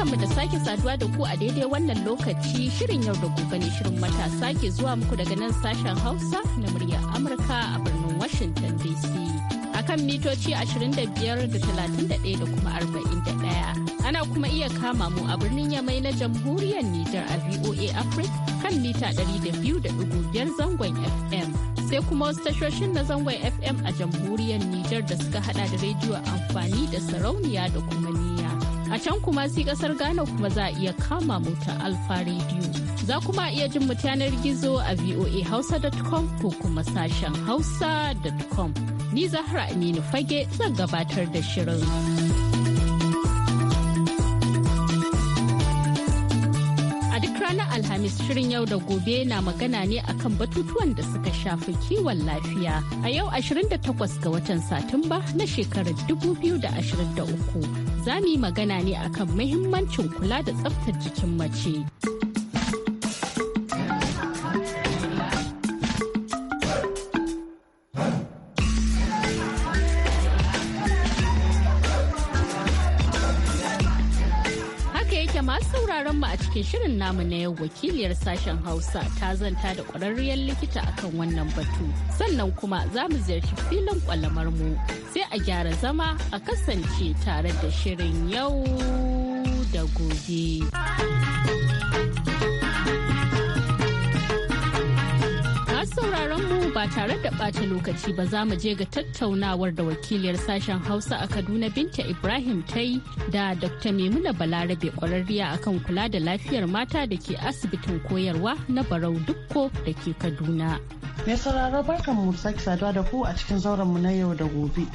barkanmu da sake saduwa da ku a daidai wannan lokaci shirin yau da gobe ne shirin matasa ke zuwa muku daga nan sashen Hausa na muryar Amurka a birnin Washington DC. Akan mitoci 25 da 31 da kuma 41. Ana kuma iya kama mu a birnin Yamai na Jamhuriyar Nijar a VOA Africa kan mita 200.5 zangon FM. sai kuma wasu tashoshin na zangon FM a jamhuriyar Nijar da suka hada da rediyo amfani da sarauniya da kuma ni. A can kuma sai kasar Ghana kuma za a iya kama mota alpha Alfa Radio. Za kuma iya jin mu yanar gizo a voahausa.com ko kuma sashen hausa.com. Ni Zahra Aminu Fage zan gabatar da shirin. A duk ranar Alhamis shirin yau da gobe na magana ne akan batutuwan da suka shafi kiwon lafiya. A yau 28 ga watan Satumba na shekarar 2023. za mu yi magana ne akan muhimmancin kula da tsaftar jikin mace. cikin shirin namu na yau wakiliyar sashen Hausa ta zanta da ƙwararriyar likita akan wannan batu. Sannan kuma za mu ziyarci filin kwalamar mu sai a gyara zama a kasance tare da shirin yau da gobe. ba tare da ɓata lokaci ba za mu je ga tattaunawar da wakiliyar sashen Hausa a Kaduna Binta Ibrahim ta yi da Dr. Maimuna Balarabe kwararriya akan kula da lafiyar mata da ke asibitin koyarwa na Barau Dukko da ke Kaduna. Mai sauraro barkan mu sake saduwa da ku a cikin zauren mu na yau da gobe.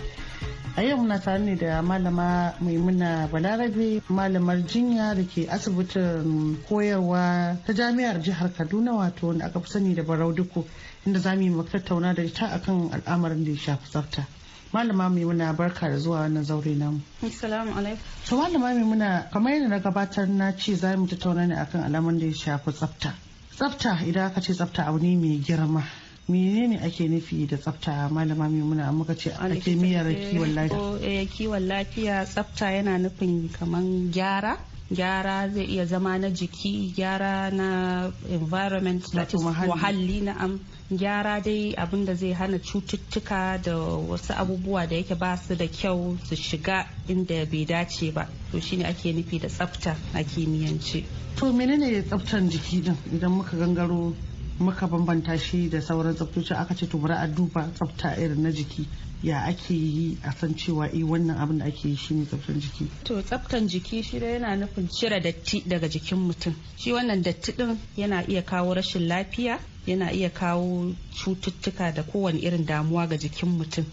a yau muna tare ne da malama maimuna balarabe malamar jinya da ke asibitin koyarwa ta jami'ar jihar kaduna wato da aka fi sani da barau dukko. inda za mu yi tattauna da ita akan al'amarin da ya shafi tsafta malama mai muna barka da zuwa wannan zaure namu assalamu alaikum to malama mai muna kamar yadda na gabatar na ce za mu tattauna ne akan al'amarin da ya shafi tsafta tsafta idan aka ce tsafta abu ne mai girma menene ake nufi da tsafta malama muna muka ce ake miyar kiwon lafiya eh, kiwon lafiya tsafta yana nufin kamar gyara gyara zai iya zama na jiki gyara na environment muhalli na am gyara dai abinda zai hana cututtuka da wasu abubuwa da yake ba su da kyau su shiga inda bai dace ba to shine ake nufi da tsafta a kimiyyance to menene tsaftar jiki din idan muka gangaro muka bambanta shi da sauran tsaftoci aka ce to bari a duba tsafta irin na jiki ya ake yi a san cewa eh wannan abin da ake yi shine tsaftan jiki to tsaftan jiki shi da yana nufin cire datti daga jikin mutum shi wannan datti din yana iya kawo rashin lafiya yana iya kawo cututtuka da kowane irin damuwa ga jikin mutum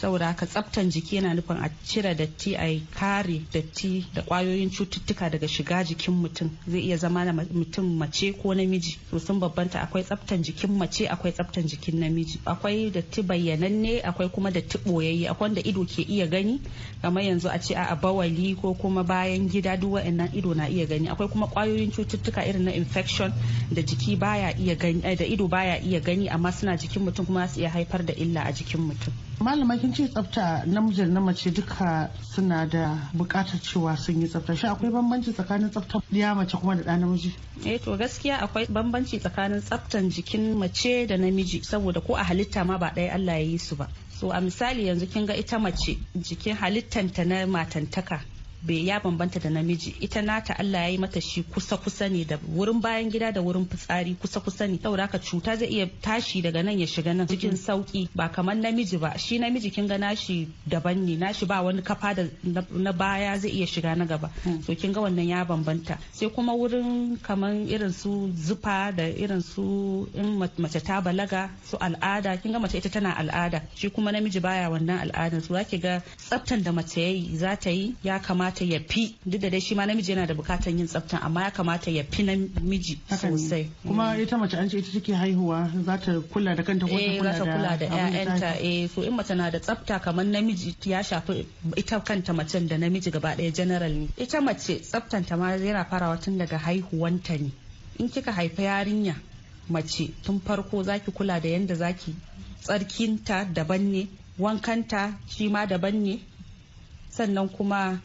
saboda haka tsaftan jiki yana nufin a cire datti a kare datti da kwayoyin cututtuka daga shiga jikin mutum zai iya zama na mutum mace ko namiji to sun babbanta akwai tsaftan jikin mace akwai tsaftan jikin namiji akwai datti bayyananne akwai kuma datti boyayye akwai da ido ke iya gani kamar yanzu a ce a bawali ko kuma bayan gida duk wa'annan ido na iya gani akwai kuma kwayoyin cututtuka irin na infection da jiki baya iya gani eh, da ido baya iya gani amma suna jikin mutum kuma su iya haifar da illa a jikin mutum malama kin ce tsafta namijin na mace duka suna da bukatar cewa sun yi tsafta shi akwai bambanci tsakanin tsaftar ya mace kuma da ɗa namiji eh to gaskiya akwai bambanci tsakanin tsaftan jikin mace da namiji saboda ko a halitta ma ba ɗaya Allah ya yi su ba so a misali yanzu kin ga ita mace jikin halittanta na matantaka bai ya bambanta da namiji ita nata Allah ya yi mata shi kusa kusa ne da wurin bayan gida da wurin fitsari kusa kusa ne saboda ka cuta zai iya tashi daga nan ya shiga nan cikin sauki ba kamar namiji ba shi namiji kin ga nashi daban ne nashi ba wani kafa da na baya zai iya shiga na gaba hmm. so kin ga wannan ya bambanta sai kuma wurin kaman irin su zufa da irin su in mace ta balaga su al'ada kin ga mace ita tana al'ada shi kuma namiji baya wannan al'adan su zaki ga tsaftan da mace yayi za ta yi ya kamata kamata ya fi duk da dai shi ma namiji yana da bukatan yin tsafta amma ya kamata ya fi namiji sosai kuma mm. ita mace an ce ita take haihuwa za ta kula da kanta ko ta eh, kula da ƴaƴanta eh so in mace na da tsafta kamar namiji ya shafi ita kanta macen da namiji gaba ɗaya general ne ita mace tsaftanta ma yana farawa tun daga haihuwanta ne in kika haifa yarinya mace tun farko zaki kula da yanda zaki tsarkinta daban ne wankanta shi ma daban ne sannan kuma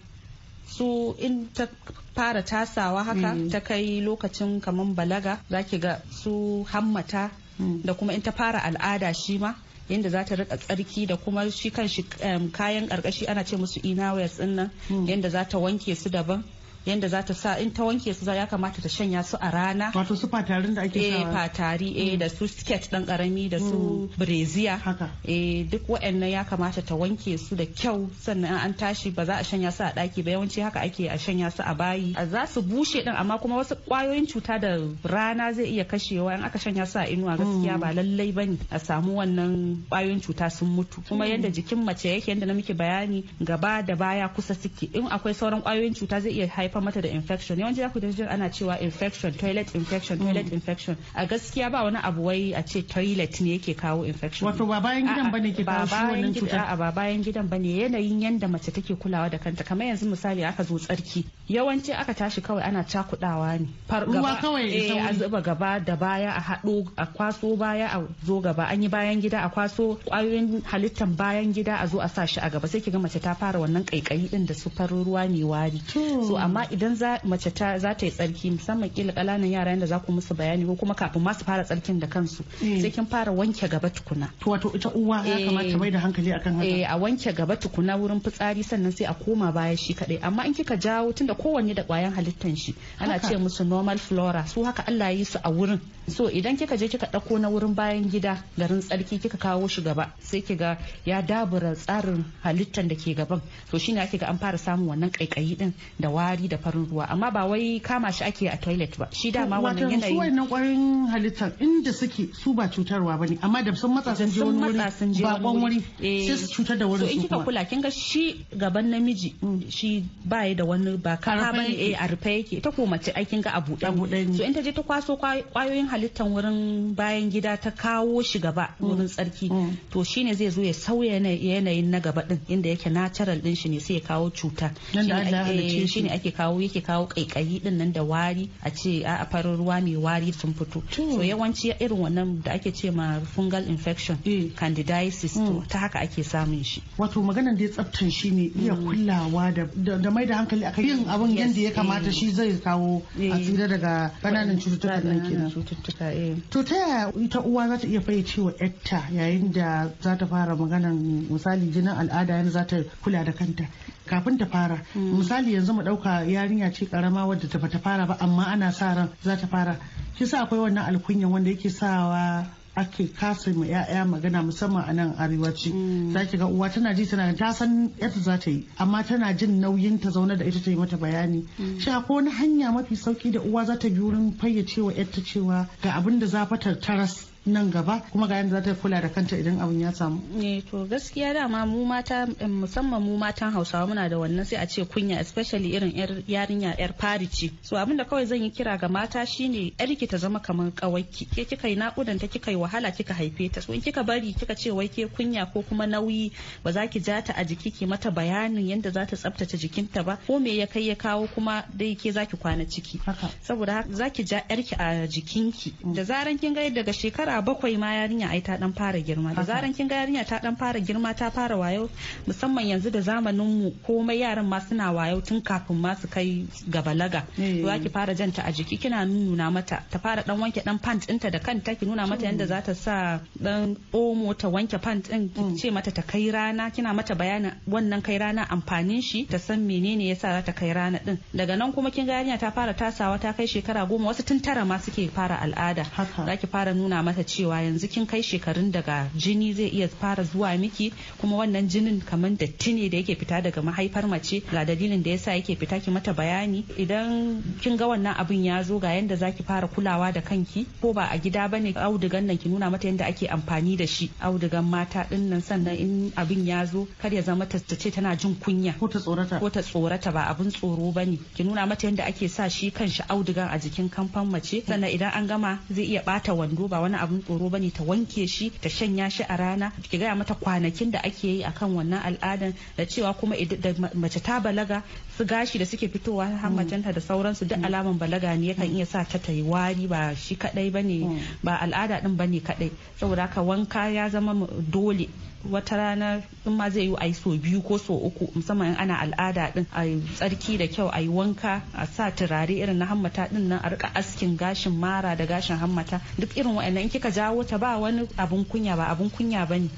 su in ta fara tasawa haka mm. ta kai lokacin kamar balaga za ki ga su hammata mm. da kuma in ta fara al'ada shi ma yadda za ta rika tsarki da kuma shi kan shi kayan karkashi ana ce musu inawayas din nan mm. yadda za ta wanke su daban yadda za ta sa in ta wanke su ya kamata ta shanya su a rana wato su fatarin da ake eh, sa fatari eh mm. da su skirt dan karami da su mm. breziya haka eh duk waɗannan ya kamata ta wanke su da kyau sannan an tashi ba za a shanya su a daki ba yawanci haka ake a shanya su a bayi A za su bushe din amma kuma wasu kwayoyin cuta da rana zai iya kashewa in aka shanya su a inuwa gaskiya mm. ba lallai bane a samu wannan kwayoyin cuta sun mutu kuma yadda jikin mace yake yadda na muke bayani gaba da baya kusa suke in akwai sauran kwayoyin cuta zai iya haifa. haifar mata da infection yawanci za ku ana cewa infection toilet infection toilet hmm. infection a gaskiya ba wani abu wai a ce toilet ne yake kawo infection wato ba bayan gidan bane ke kawo shi wannan cutar a ba bayan gidan bane yanayin yanda mace take kulawa da kanta kamar yanzu misali aka zo tsarki yawanci aka tashi kawai ana cakudawa ne ruwa kawai eh a zuba gaba da baya a hado a kwaso baya a zo gaba an yi bayan gida a kwaso kwayoyin halittan bayan gida a zo a sa shi a gaba sai ga mace ta fara wannan kaikayi din da su farin ruwa ne wari hmm. so amma amma idan mace ta za ta yi tsarki musamman kila kalanan yara yadda za ku musu bayani ko kuma kafin masu fara tsarkin da kansu eh. sai kin fara wanke gaba tukuna to wato ita uwa ya eh. kamata mai da hankali akan haka eh a wanke gaba tukuna wurin fitsari sannan sai a koma baya shi kadai amma in kika jawo tunda kowanne da kwayan halittan shi ana ce musu normal flora su haka Allah ya yi su a wurin so idan kika je kika dauko na wurin bayan gida garin tsarki kika kawo shi gaba sai kiga ya dabura tsarin halittan da ke gaban to shine ake ga an fara samun wannan kaikayi din da wari da farin ruwa amma ba wai kama shi ake a toilet ba shi dama wannan yanayi wato su kwarin halittar inda suke su ba cutarwa bane amma da sun matsa sun je wani wuri ba kwan wuri eh. sai su cutar da wurin su in kika kula kin ga shi gaban namiji mm. shi ba ya da wani ba ka bane eh a rufe yake ta ko mace ai kin ga a buɗe so in ta je ta kwaso kwayoyin halittar wurin bayan gida ta kawo shi gaba mm. wurin tsarki mm. to shine zai zo ya sauya yanayin na gaba din inda yake natural din shi ne sai ya kawo cuta eh, shine ake kawo yake kawo kaikayi din nan da wari a ce a farin ruwa mai wari sun fito so yawanci irin wannan da ake ce ma fungal infection mm. candidiasis mm. ta haka ake samun shi wato maganan da ya tsaftan shi ne iya mm. kulawa da mai da hankali akan yin abin yadda ya kamata eh. shi zai kawo a eh. tsira daga bananan cututtuka nan kenan cututtuka eh. to ta yaya ita uwa za ta iya fayyace wa yatta yayin da za ta fara maganan misali jinin al'ada yana za ta kula da kanta kafin ta fara hmm. misali yanzu mu dauka yarinya ce karama wadda ta bata fara ba amma ana sa ran za ta fara sa akwai wannan alkunyan wanda yake sawa ake kasa mu 'ya'ya magana musamman a nan arewaci hmm. za ki ga uwa tana ji tana ta san yadda za ta yi amma tana jin nauyin ta zauna da ita ta yi mata bayani hmm. shi ko wani hanya mafi sauki da uwa za ta bi wurin fayyacewa yadda cewa ga abin da za ta taras nan gaba kuma ga yadda za ta kula da kanta idan abin ya samu. Ne to gaskiya dama mu mata musamman mu matan Hausawa muna da wannan sai a ce kunya especially irin yarinya yar fari ce. So abin da kawai zan yi kira ga mata shine yarki ta zama kamar kawaki. Ke kika yi nakudan ta kika yi wahala kika haife ta. So in kika bari kika ce wai ke kunya ko kuma nauyi ba za ki ja ta a jiki ki mata bayanin yadda za ta tsaftace jikinta ba ko me ya kai ya kawo kuma dai ke za ki kwana ciki. Saboda za ki ja yarki a jikinki. Da zaran kin ga daga shekara shekara bakwai ma yarinya ai ta dan fara girma da zaran kin ga yarinya ta dan fara girma ta fara wayo musamman yanzu da zamanin mu komai yaran ma suna wayo tun kafin ma su kai ga balaga eh. za ki fara janta a jiki kina nuna mata ta fara dan wanke dan pant ɗinta da kanta ki nuna mata yanda za ta sa dan omo ta wanke pant ɗin ki hmm. ce mata ta kai rana kina mata bayanin wannan kai rana amfanin shi ta san menene yasa za ta kai rana ɗin daga nan kuma kin ga yarinya ta fara tasawa ta kai shekara goma wasu tun tara ma suke fara al'ada za ki fara nuna baka cewa yanzu kin kai shekarun daga jini zai iya fara zuwa miki kuma wannan jinin kamar datti ne da yake fita daga mahaifar mace ga dalilin da yasa yake fita ki mata bayani idan kin ga wannan abin ya zo ga yanda za ki fara kulawa da kanki ko ba a gida bane audugan nan ki nuna mata yanda ake amfani da shi audugan mata din nan sannan in abin ya zo kar ya zama ta ce tana jin kunya ko ta tsorata ko ta tsorata ba abin tsoro bane ki nuna mata yanda ake sa shi kanshi audugan a jikin kamfan mace sannan idan an gama zai iya bata wando ba wani abu abin tsoro bane ta wanke shi ta shanya shi a rana ki gaya mata kwanakin da ake yi akan wannan al'adan da cewa kuma da mace ta balaga su gashi da suke fitowa hammacinta da sauransu duk mm. alaman balaga ne yakan mm. iya sa ta ta yi wari ba shi kadai bane mm. ba al'ada din bane kadai saboda haka wanka ya zama dole wata rana in ma zai yi a so biyu ko so uku musamman in ana al'ada din a tsarki da kyau a yi wanka a sa turare irin na hammata din nan a rika askin gashin mara da gashin hammata duk irin wa'annan kika jawo ta ba wani abun kunya ba abun kunya bane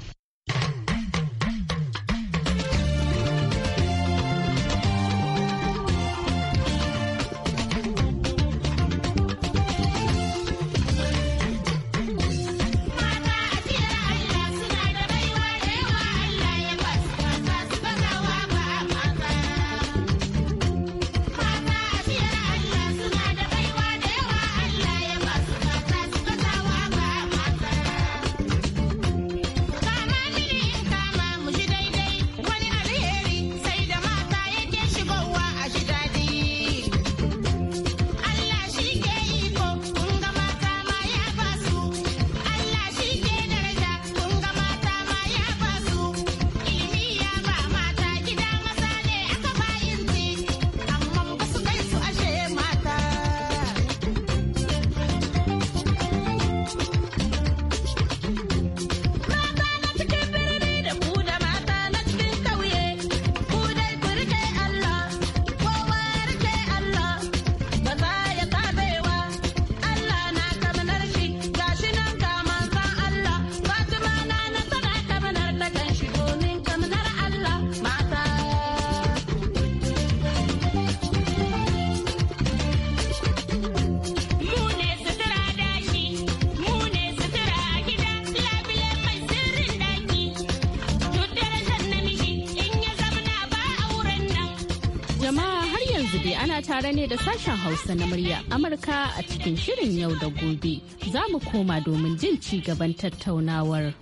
ne da sashen Hausa na murya Amurka a cikin shirin yau da gobe. Za mu koma domin jin ci gaban tattaunawar.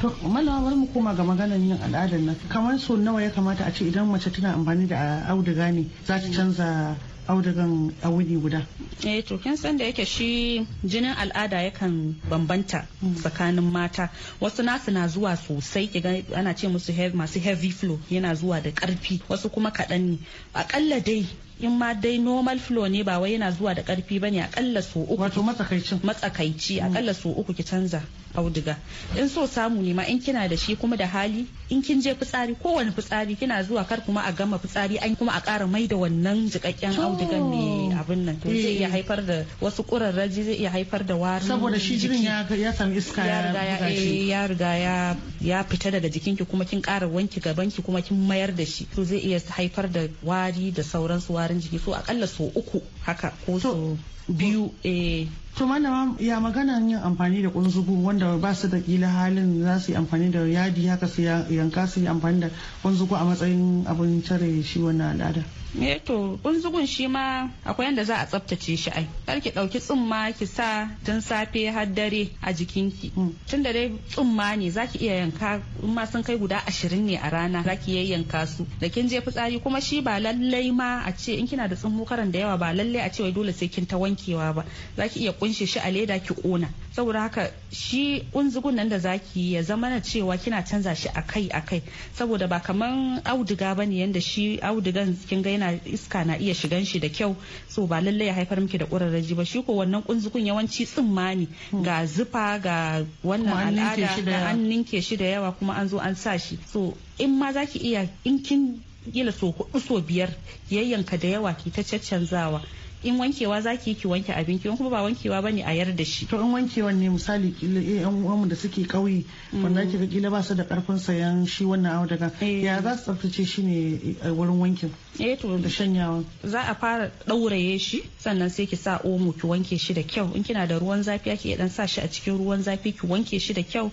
To manawa mu koma ga maganar yin al'ada nan kamar so nawa ya kamata a ce idan mace tana amfani da auduga ne za ta canza audugan a wuni guda. Eh to kin san da yake shi jinin al'ada yakan bambanta hmm. tsakanin mata wasu nasu na zuwa sosai ki ana ce musu masu heavy flow yana zuwa da karfi wasu kuma kaɗan ne akalla dai in ma dai normal flow ne ba wai yana zuwa da karfi bane akalla so uku wato matsakaici matsakaici mm. akalla so uku ki canza auduga in so samu ne ma in kina da shi kuma da hali in kin je fitsari kowane fitsari kina zuwa kar kuma a gama fitsari an kuma a kara mai da wannan jikakken audugan ne abin nan to zai iya eh. haifar da wasu kurarraji zai iya haifar da wari saboda shi jirin ya sami iska ya riga eh, ya riga ya ya fita daga jikinki kuma kin ƙara wanki ki kuma kin mayar da shi to zai iya haifar da wari da sauransu wari farin jiki so akalla sau uku haka ko so biyu a eh. to malama ya magana yin amfani da kunzugu wanda ba su da kila halin za su yi amfani da yadi haka su yanka su yi amfani da kunzugu a matsayin abin cire shi wannan al'ada me eh to kunzugun shi ma akwai yanda za a tsaftace shi ai kar ki dauki tsumma ki sa tun safe har dare a jikinki hmm. tun da dai tsumma ne zaki iya yanka in sun kai guda ashirin ne a rana zaki yanka su da kin je fitsari kuma shi ba lallai ma a ce in kina da tsummu karan da yawa ba lallai a ce wai dole sai kin ta wankewa ba za ki iya kunshe shi a leda ki kona saboda haka shi unzugun nan da za ki ya zama na cewa kina canza shi akai akai saboda ba kamar auduga ba ne yadda shi audugan kin ga yana iska na iya shigan shi da kyau so ba lallai ya haifar miki da ƙurarraji ba shi ko wannan kunzugun yawanci tsumma ne ga zufa ga wannan al'ada da an ninke shi da yawa kuma an zo an sa shi so in ma za ki iya in kin kila so hudu so biyar yayyanka da yawa ki ta caccanzawa in wankewa zaki ki wanke abinci in kuma ba wankewa bane a yar da shi to in wankewa ne misali kila yan eh, uwanmu da suke kauye wanda mm. kika kila ba su da karfin sayan shi wannan daga eh. ya za su tsaftace shi ne a eh, wurin wankin eh to da shanyawa za a fara ɗauraye shi sannan sai ki sa omo ki wanke shi da kyau in kina da ruwan zafi ki dan sa shi a cikin ruwan zafi ki wanke shi da kyau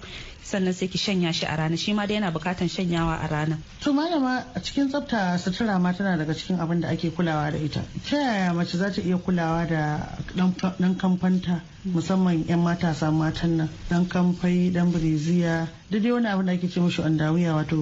sannan sai ki shanya shi a rana shi ma dai yana bukatan shanyawa a rana to malama a cikin tsafta sutura ma tana daga cikin abin da ake kulawa da ita ta yaya mace za ta iya kulawa da dan kamfanta musamman 'yan matasa matan nan dan kamfai dan biriziya da dai wani abin da ake ce an andawiya wato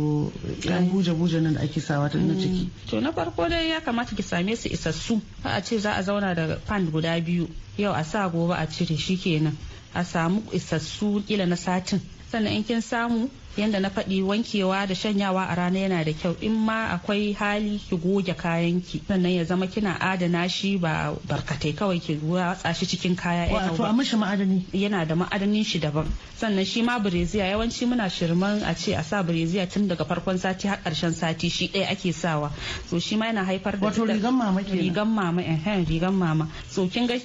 yan buje-buje nan da ake sawa ta na ciki mm. to na farko dai ya kamata ki same su isassu ba a ce za a zauna da fan guda biyu yau a sa gobe a cire shi kenan a samu isassu kila na satin sannan in kin samu yadda na faɗi wankewa da shanyawa a rana yana da kyau in ma akwai hali ki goge kayan ki sannan ya zama kina adana shi ba barkatai kawai ki watsa shi cikin kaya wato a mishi ma'adani yana da ma'adanin shi daban sannan shi ma bireziya yawanci muna shirman a ce a sa bireziya tun daga farkon sati har karshen sati shi ɗaya ake sawa so shi ma yana haifar da wato rigan mama kenan rigan mama eh, eh, rigan mama so kin ga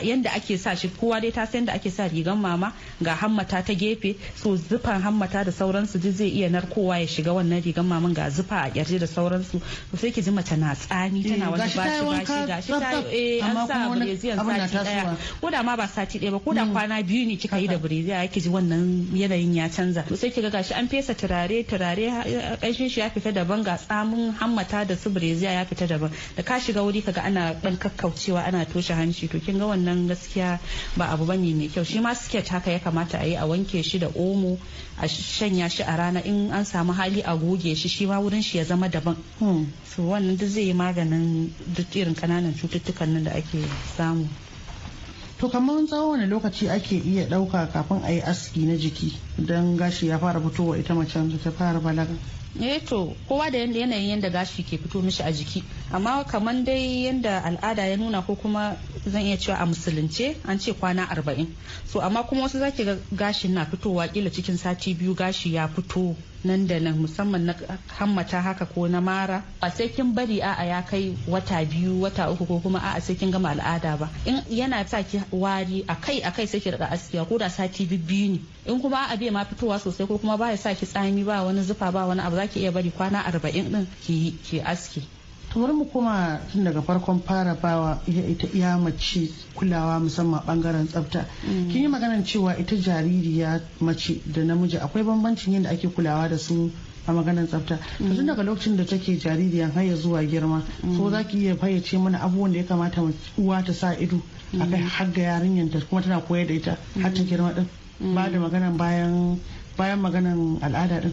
yanda ake sa shi kowa dai ta san da ake sa rigan mama ga hammata ta gefe so zufan hammata da sauransu duk zai iya narkowa ya shiga wannan rigan maman ga zufa a kyarje da sauransu to sai ki ji mace na tsami eh, tana wani bashi bashi gashi ta eh an sa breziyan sati daya ko da ma ba sati daya ba ko da mm. kwana biyu ne kika yi da breziya yake ji wannan yanayin ya canza to sai kiga gashi an fesa turare turare kanshin shi ya fita daban ga tsamin hammata da su breziya ya fita daban da ka shiga wuri kaga ana dan kakkaucewa ana toshe hanci to kin ga wannan gaskiya ba abu bane mai kyau shi ma siket haka ya kamata a yi a wanke shi da omo a shanya shi a rana in an samu hali a goge shi shi ma wurin shi ya zama daban hmm. so wannan duk zai yi maganin duk irin kananan cututtukan nan da ake samu to kamar tsawon wani lokaci ake iya ɗauka kafin a yi aski na jiki don gashi ya fara fitowa ita macen ta fara balaga eh to kowa da yanayin yadda gashi ke fito mishi a jiki amma kamar dai yadda al'ada ya nuna ko kuma zan iya cewa a musulunce an ce kwana arba'in so amma kuma wasu zaki ga gashin na fitowa kila cikin sati biyu gashi ya fito nan da nan musamman na hammata haka ko na mara a sai kin bari a ya kai wata biyu wata uku ko kuma a'a sai kin gama al'ada ba in yana sa ki wari a kai a kai sai ki riga askiya ko da sati biyu ne in kuma a bai ma fitowa sosai ko kuma baya sa ki tsami ba wani zufa ba wani abu zaki iya bari kwana arba'in din ki aski to bari mu koma tun daga farkon fara bawa ita iya mace kulawa musamman bangaren tsafta mm. kin yi maganar cewa ita jaririya mace da namiji akwai bambancin yadda ake kulawa da su a maganar tsafta to tun mm. daga lokacin da take jaririyan har ya zuwa girma mm. so za ki iya fayyace mana abubuwan da ya kamata uwa ta sa ido a kai har ga yarinyar ta kuma tana koyar da ita har ta girma din ba da maganan bayan bayan maganan al'ada din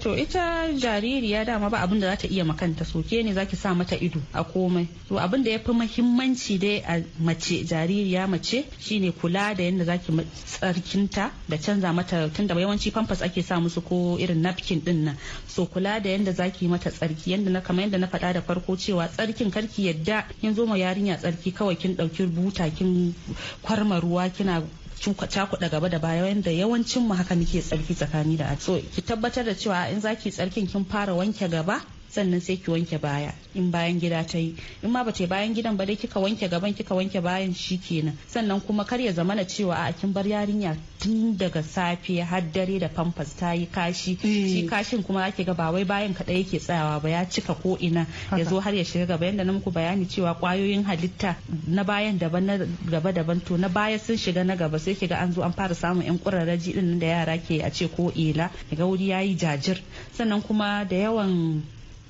to ita jaririya dama ba abin da za ta iya makanta soke ne zaki sa mata ido a komai to abin da ya fi mahimmanci dai a mace jaririya mace shine kula da yadda zaki tsarkinta da canza mata tun da yawanci pampas ake sa musu ko irin napkin din nan so kula da yadda zaki mata tsarki yadda na kamar yadda na faɗa da farko cewa tsarkin karki yadda kin zo ma yarinya tsarki kawai kin ɗauki buta kin kwarma ruwa kina cakuɗa gaba da baya wanda yawancin mu haka muke tsarki tsakani da so ki tabbatar da cewa in zaki tsarkin kin fara wanke gaba sannan sai ki wanke baya in bayan gida ta yi in ma bace bayan gidan ba dai kika wanke gaban kika wanke bayan shi kenan sannan kuma kar ya zamana cewa a kin bar yarinya tun daga safe har dare da pampers ta yi kashi eh. shi kashin kuma ake ga ba wai bayan kaɗai yake tsayawa ba ya cika ko ina ya zo har ya shiga gaba yanda na muku bayani cewa kwayoyin halitta na bayan daban na gaba daban to na baya sun shiga na gaba sai kiga an zo an fara samun yan kurarraji din da yara ke a ce ko ila ga wuri yayi jajir sannan kuma da yawan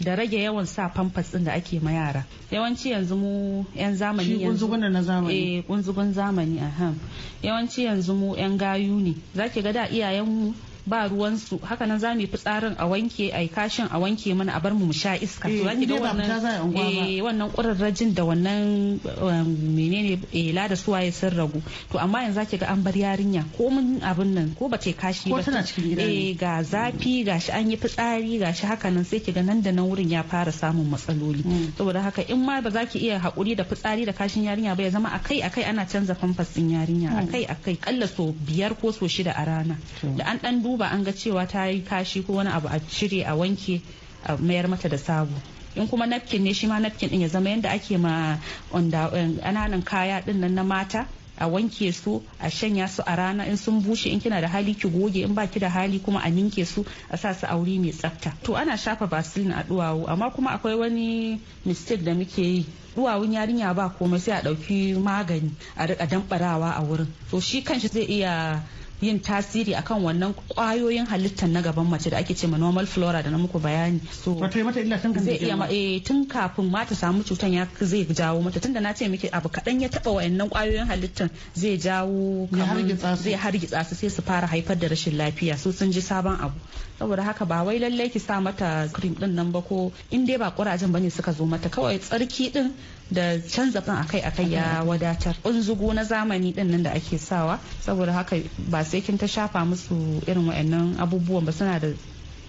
da rage yawan sa famfas din da ake ma yara yawanci yanzu mu yan zamani yanzu na zamani eh kunzugun zamani aha yawanci yanzu mu yan gayu ne zaki ga da iyayen mu ba ruwansu haka nan za mu yi fitsarin a wanke a yi kashin a wanke mana a bar mu sha iska to eh, zaki ga wannan eh wannan kurarrajin da wannan um, menene eh lada ya sun ragu to amma yanzu zaki ga an bar yarinya ko mun abin nan ko ba ta kashi ba eh ga zafi gashi an yi fitsari gashi haka nan sai ki ga nan da nan wurin ya fara samun matsaloli mm. saboda haka in ma ba za ki iya hakuri da fitsari da kashin yarinya ba ya zama akai akai ana canza famfas din yarinya mm. akai akai kalla so biyar ko so shida a rana da an dan duba ba an ga cewa ta yi kashi ko wani abu a cire a wanke a mayar mata da sabo in kuma napkin ne shi ma napkin din ya zama yadda ake ma eh, ƙananan kaya din nan na mata a wanke su a shanya su a rana in sun bushe in kina da hali ki goge in baki da hali kuma a ninke su a sa su a wuri mai tsafta to ana shafa basilin a duwawu amma kuma akwai wani mistake da muke yi duwawun yarinya ba komai sai a dauki magani a rika damɓarawa a wurin to shi kanshi zai iya yin tasiri akan wannan kwayoyin halittar na gaban mace da ake ce ma normal flora da na muku bayani so zai iya eh tun kafin ma ta samu cutan ya zai jawo mata tunda na ce miki abu kadan ya taba wayannan kwayoyin halittar zai jawo zai hargitsa su sai su fara haifar da rashin lafiya so sun ji sabon abu saboda haka ba wai lallai ki sa mata cream din nan ba ko in dai ba kurajen bane suka zo mata kawai tsarki din da canza fin akai akai ya wadatar unzugu na zamani din nan da ake sawa saboda haka ba sai kin ta shafa musu irin waɗannan abubuwan ba suna da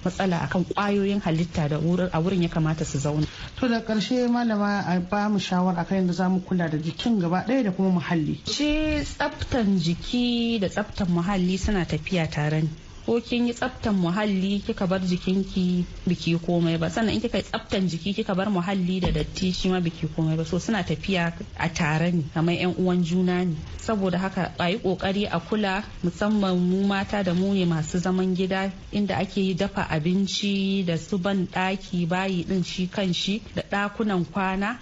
matsala akan kwayoyin halitta da a wurin ya kamata su zauna. To da karshe malama a ba mu shawar akan yadda za mu kula da jikin gaba ɗaya da kuma muhalli. Shi tsaftan jiki da tsaftan muhalli suna tafiya tare ko kin yi tsaftan muhalli kika bar jikinki biki komai ba sannan in kika yi tsaftan jiki kika bar muhalli da datti shi ma biki komai ba so suna tafiya a tare ne kamar yan uwan juna ne saboda haka a yi kokari a kula musamman mu mata da mu ne masu zaman gida inda ake yi dafa abinci da su ban daki bayi din shi kan shi da dakunan kwana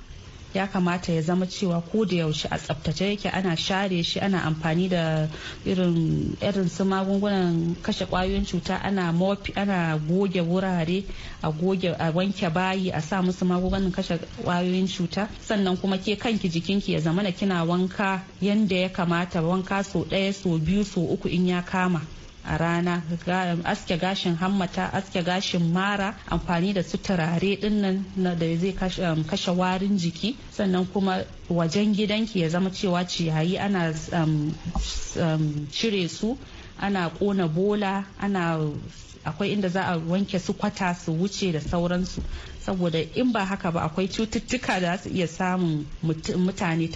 ya kamata ya zama cewa ko da yaushe a tsaftace yake ana share shi ana amfani da irin su magungunan kashe kwayoyin cuta ana mopi ana goge wurare a goge a wanke bayi a sa musu magungunan kashe kwayoyin cuta sannan kuma ke kanki jikinki ya zama kina wanka yanda ya kamata wanka so ɗaya so biyu so uku in ya kama a rana um, aske gashin hammata aske gashin mara amfani da su turare dinnan da zai um, kashe warin jiki sannan kuma wajen gidanki ya zama cewa ciyayi ana um, cire su ana kona bola ana akwai inda za a wanke su kwata su wuce da sauransu saboda in ba haka ba akwai cututtuka da su iya samun mutane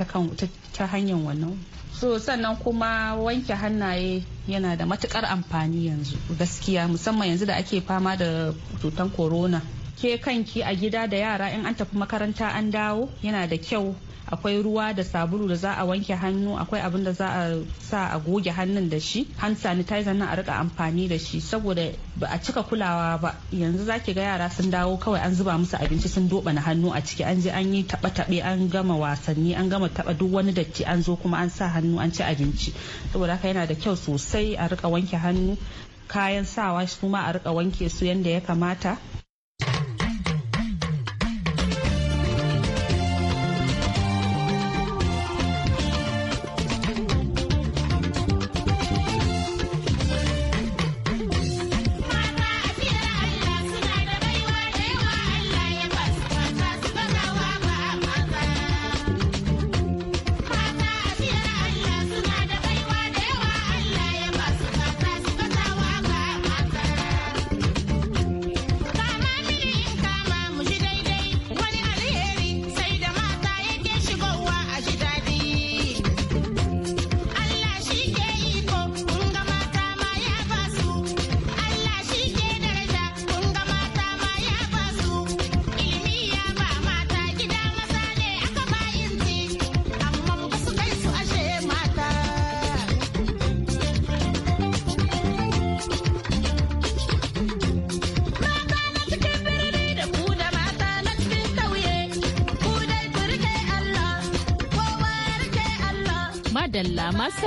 ta hanyar wannan so sannan kuma wanke hannaye yana da matukar amfani yanzu gaskiya musamman yanzu da ake fama da cutar corona ke kanki a gida da yara in an tafi makaranta an dawo yana da kyau akwai ruwa da sabulu da za a wanke hannu akwai abin da za a sa a goge hannun da shi hand sanitizer na a rika amfani da shi saboda ba a cika kulawa ba yanzu zaki ga yara sun dawo kawai an zuba musu abinci sun doba na hannu a ciki an je an yi taba tabe an gama wasanni an gama taba duk wani datti an zo kuma an sa hannu an ci abinci saboda haka yana da kyau sosai a rika wanke hannu kayan sawa kuma a rika wanke su yadda ya kamata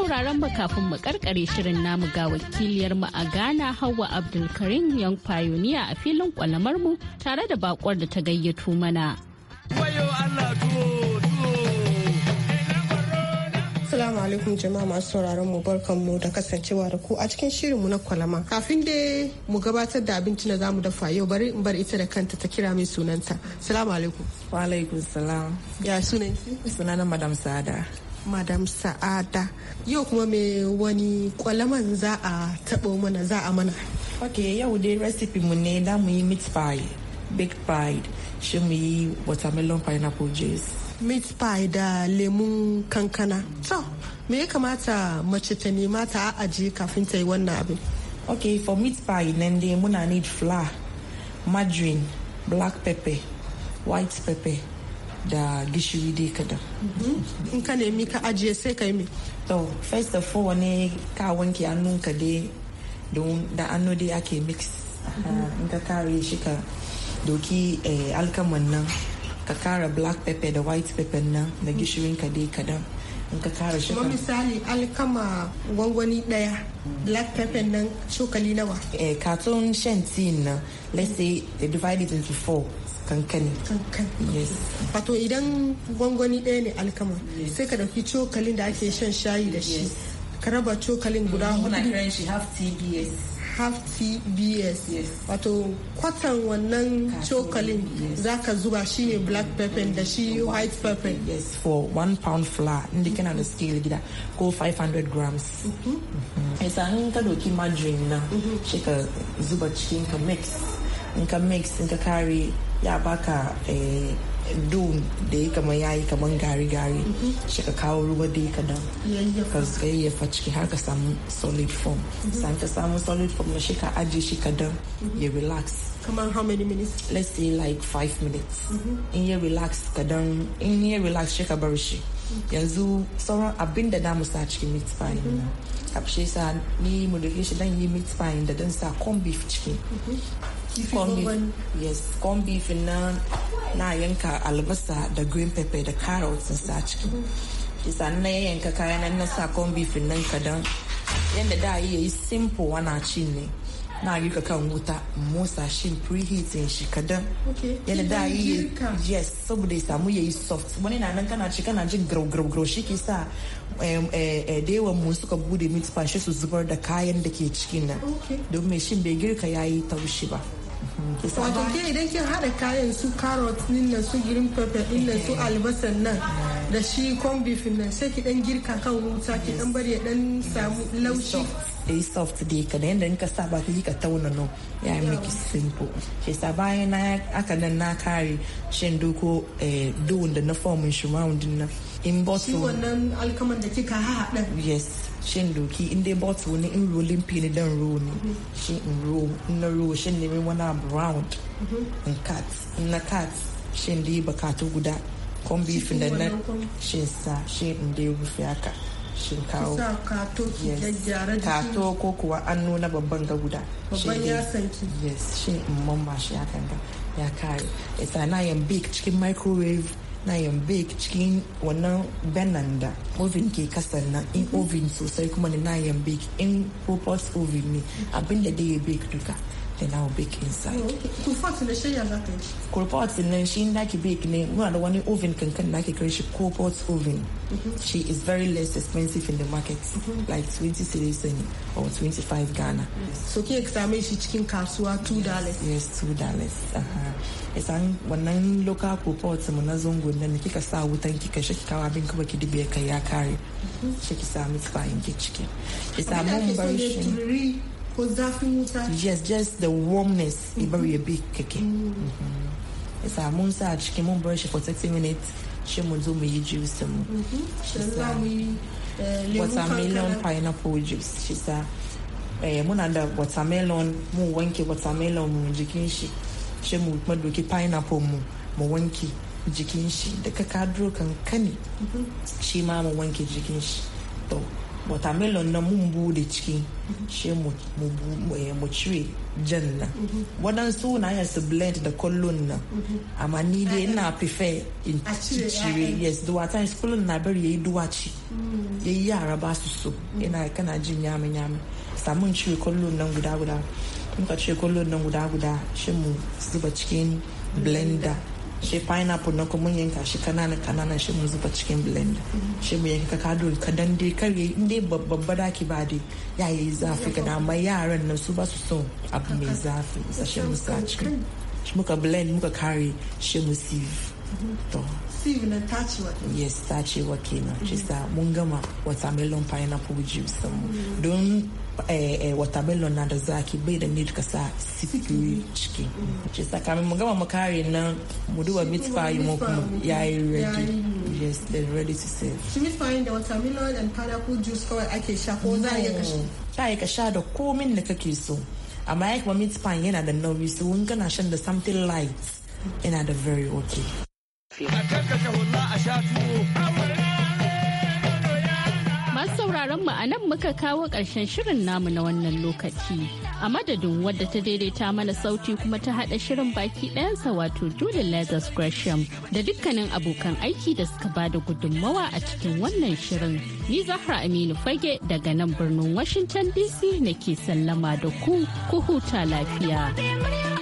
sauraron mu kafin mu karkare shirin namu ga wakiliyar mu a Ghana Hauwa Abdulkarim yan Pioneer a filin kwalamar mu tare da bakwar da ta gayyato mana. Assalamu alaikum jama'a masu sauraron mu mu da kasancewa da ku a cikin shirin mu na kwalama. Kafin da mu gabatar da abinci na zamu dafa yau bari in bar ita da kanta ta kira min sunanta. Assalamu alaikum. Wa alaikum salam. Ya sunanki? Sunana Madam Sada. madam sa'ada yau kuma me wani kwalaman za a taɓo mana za a mana ok yau dai recipe mu ne da mu yi meat pie baked pie shi mu yi watermelon pineapple juice meat pie da lemun kankana so me ya kamata mace ta nema ta ajiye kafin ta yi wannan abin ok for meat pie nan dai muna need flour margarine black pepper white pepper da gishiri dai kadan. Mhm. In ka nemi ka ajiye sai ka yi mai. To, first of all ne ka wanke ka dai don da hannu dai ake mix. Mhm. In ka kare shi ka doki eh, alkaman nan ka kara black pepper da white pepper nan da mhm. gishirin ka dai kadan. in ka kare shi kuma misali alkama gwangwani daya mm. black pepper nan cokali nawa eh katon shan tea nan let's say they divide it into four kankani yes wato idan gwangwani ɗaya ne alkama sai ka ɗauki cokalin da ake shan shayi da shi ka raba cokalin guda hudu half tbs wato kwatan wannan cokalin za ka zuba shi ne black pepper da shi white pepper yes for one pound flour inda kana da scale gida ko 500 grams mai mhm. mhm. sanin ka doki margarine na mhm. shi ka zuba cikin ka mix in ka mix in ka kare ya baka eh, doom da ya kama yayi kaman gari-gari mhm. shi ka kawo ruwa dai kadan ka yayyafa ciki har ka samu solid form mhm. san ka samu solid form shi ka aje shi kadan mhm. ya relax kamar how many minutes let's say like five minutes in ya relax kadan in ya relax shi ka bar shi yanzu sauran abin da damu sa cikin meat pie na shi sa ni mu shi dan yi meat pie da dan sa corn beef ciki corn beef nan na yanka albasa da green pepper da carrots sa ciki isa na yanka kayan nan na sa corn beef nan dan. yadda da yi simple wana ci ne na yi ka kan wuta motsa shi preheating shi kadan yadda da yi yes saboda ya samu yayi soft wani na nan kana ci kana jin grow grow grow shi ke sa eh, eh, da yawan mu suka bude mitfashi su zubar da kayan da ke cikin nan don me shin bai girka yayi taushi ba wato ke idan kin hada kayan su carrot din nan su green pepper din nan su albasan nan da shi corn beef nan sai ki dan girka kan wuta ki dan bari ya dan samu laushi a soft dai ka da yadda ka sa baki ka tauna no ya yi miki simple ke sa bayan na aka nan na kare shin doko eh, doon da na formin shi round din nan in bottle shi wannan alkaman da kika haɗa yes Shin doki in dai bot wani in rolling ne dan roll ne mhm. Shin in roll in na roll shi ne wani abu round mhm. in cut in na cut shi in dai bakatu guda kon bifin da na Shin sa shi in dai rufe haka shinkawo kato ko kuwa an nuna babban ga guda babban ya sanki yes Shin in mamma shi hakan ga ya kare it's a nayan bake cikin microwave na yambe cikin wannan benin da oven ke kasar nan in oven sosai kuma na yambe in purpose oven ne abinda da ya bake duka they na bake inside kurfot na nan shi naki bake ne muna da wani oven kankan naki ki kai shi kurfot oven mm-hmm. she is very less expensive in the market mm-hmm. like 20 cedis or 25 ghana so ki same shi cikin kasuwa 2 dollars yes 2 dollars isan wannan local kurfot mu na zongo nan kika sa wutan kika shi kika abin kawai ki dibe kai ya kare shi ki sami tsayin ki ciki ki bar ko zafin wuta yes just the warmness ya bari ya bi keke. yasa mun sa a cikin mun bar shi for 30 minutes shi mun zo mu yi juice mu um, mm-hmm. uh, watermelon pineapple juice shi sa eh, muna da watermelon mu wanke watermelon mu jikin shi shi mu kuma pineapple mu mu wanke jikin shi da ka kadro kankani mm-hmm. shi ma mu wanke jikin shi to watermelon na mun bude ciki shi eh, mu cire jan nan waɗansu na yin su blend da kullun nan amma ni dai ina prefer in cire yes duwa ta kullun na bari yayi duwaci mm. yi yara ba su so mm. ina kana jin yami yami samun cire kullun nan guda guda muka cire kullun nan guda guda shi mu zuba cikin blender shi pineapple na kuma yanka shi kananan kananan shi mun zuba cikin blender shi mu yanka kado kadan dai kar yayi in dai babba ki ba dai ya yi zafi ga dama yaran nan su ba su son abu mai zafi isa shi mu sa cikin shi muka blend muka kare shi mu sieve to sieve na tacewa yes tacewa kenan shi sa mun gama watermelon pineapple juice don Eh, eh, watermelon na da zaki bai da milk kasa sikiri ciki ce saka mu gama mu kare nan mu duba meat pie mu kuma yayi ready yes they ready to serve shi meat pie da watermelon and pineapple juice kawai ake sha ko za a iya kashe sha a sha da komin da kake so amma ya kuma meat pie yana da nauyi so in kana shan da something light yana da very okay a sha tuwo Masu sauraron mu a nan muka kawo ƙarshen shirin namu na wannan lokaci. A madadin wadda ta daidaita mana sauti kuma ta haɗa shirin baki ɗayansa wato Julie Lazarus Gresham da dukkanin abokan aiki da suka ba da gudummawa a cikin wannan shirin. Ni Zahra Aminu Fage daga nan birnin Washington DC nake sallama da ku ku huta lafiya.